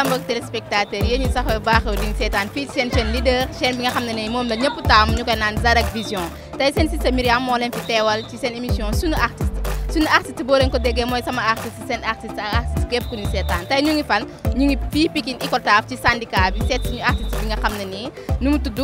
salaam mbokk téléspectateurs yéen ñu saxoo baaxoo seetaan fii ci seen chaîne leader chaîne bi nga xam ne ne moom la ñëpp taamu ñu koy naan Zarak Vision tey seen sista Myriam moo fi teewal ci seen émission suñu artiste suñu artiste boo leen ko déggee mooy sama artiste seen artiste ak artiste képp ku ñu seetaan tey ñu ngi fan ñu ngi fii Pikine Icotaf ci syndicat bi seet suñu artiste bi nga xam ne nii nu mu tudd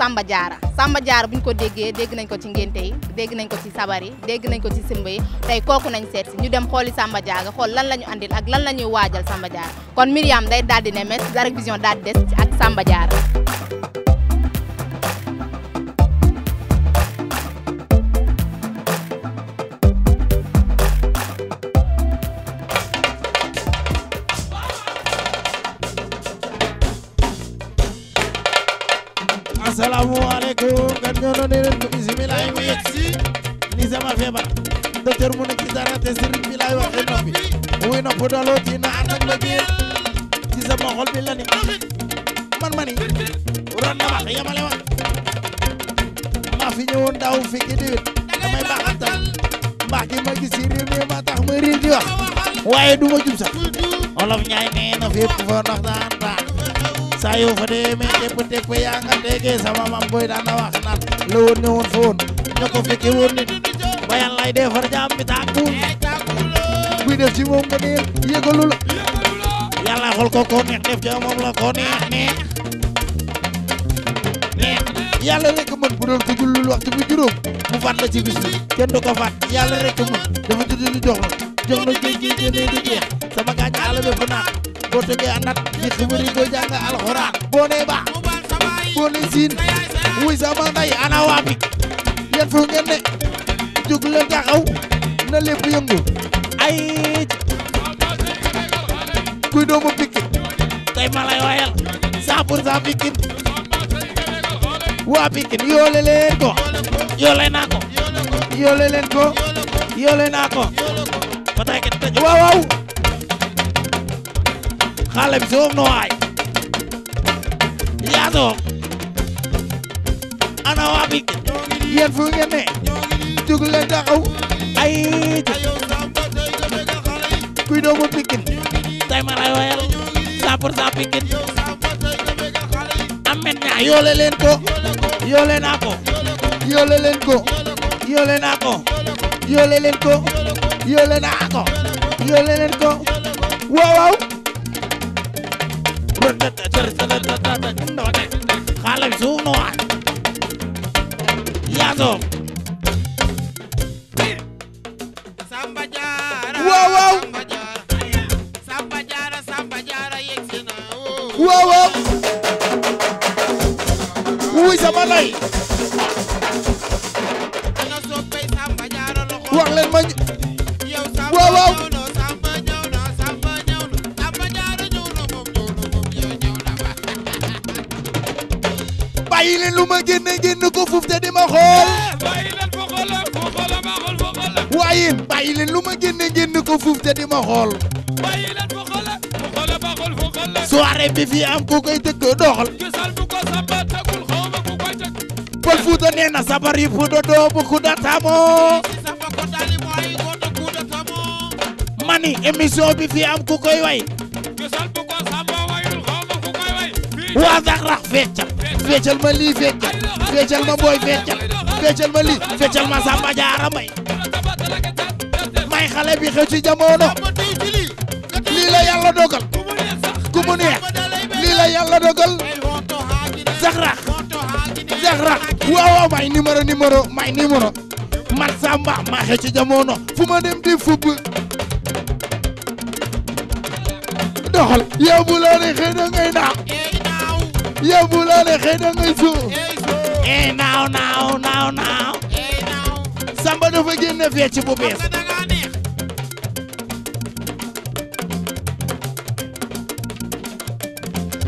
Samba Diarra Samba Diarra bu ñu ko déggee dégg nañ ko ci ngénte yi dégg nañ ko ci sabar yi dégg nañ ko ci simba yi tey kooku nañ seet si ñu dem xooli Samba Diarra xool lan la ñu andil ak lan la waajal Samba Diarra kon Myriam day daal di ne mes Darek Vision daal di des ak Samba Assalamualaikum, alaikum kan ñono ne ren ko bismillah mu yeksi ni sama febar docteur mu ne ci dara te serigne bi lay waxe noppi muy nopp dalo ci na ak la biir ci sama xol bi la ni man mani ron na wax yamale wax ma fi ñewon daw fi ki diwit damay baxatal mbax gi ma gis ci mi ma tax ma rew di wax waye duma jub sax olof ñay neena fepp fa ndox daan daan sayo fade me tepu tepu yang ngadege sama mamboy dan waknat lu nyun sun nyoko fiki woni bayan de defar jam mi takku buy def ya mom ngeen yegalul yalla xol ko ko neex def jam mom lo ko neex neex yalla rek man bu doon ko julul waxtu bu juroom bu fat la ci bis ko fat jok lo jok lo sama gaaj ala boo tegee a nat ci xibiri go jàng alxuraan boo nee wuy sama ndey ana waa bi yéen fu ngeen ne jóg leen na lépp yëngu ay kuy doomu Pikine tey ma lay wayal cent pour cent waa Pikine yoole leen ko yoole naa ko yoole leen ko yoole naa ko ba tey Harlem Shake no waay yaa ana waa bi yéen fu ngeen ne leen taxaw ay kuy doomu Pikine tay ma lay wayal cent pour cent Pikine amet ñaa yoole leen ko yoole leen ko yoole leen ko yoole leen ko waaw jaxasoo samba jaara waaw waaw samba jaara samba jaara yegsi na waaw waaw wuy sama lay bàyyi leen lu ma génne génne ko fuuf te di ma xool. bàyyi leen foo xoolam foo xoolam maa xool foo xoolam. waaye bàyyi leen lu ma génne génne ko fuuf te di ma xool. bàyyi leen foo xoolam foo xoolam maa xool foo xoolam. soirée bi fi am ku koy tëgg doxal. gisal bu ko samba tëggul xaw ma ku koy tëgg. Pël Fuuta nee na sabar yi fu doo bu ku da tamoo. mani émission bi fi am ku koy way. waa sax rax feccal feccal ma lii feccal feccal ma booy feccal feccal ma lii feccal ma Samba Diarra may may xale bi xew ci jamono lii la yàlla dogal ku mu neex lii la yàlla dogal sax rax sax rax waaw waaw may numéro numéro may numéro man Samba maa xew jamono fu ma dem di fubb doxal yow bu loo neexee yow bu la neexee da ngay suuf. eh naaw naaw naaw naaw. Samba dafa génne fecc bu bees.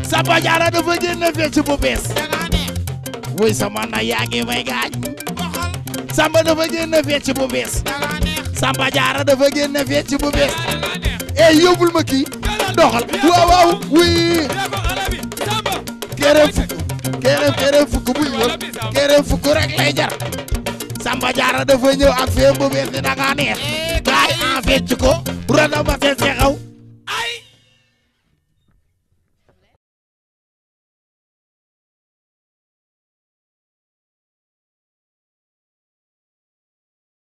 Samba Diarra dafa génne fecc bu bees. wuy sama na yaa ngi may gaañ. Samba dafa génne fecc bu bees. Samba Diarra dafa génne fecc bu bees. eh yóbbul ma kii doxal waaw waaw wuy. kere fukk kere kere fukk buy wër kere fukk rek lay jar Samba Diarra dafa ñëw ak feem bu bees ni da nga neex eh, gaay en fecc ko rona ma seen xew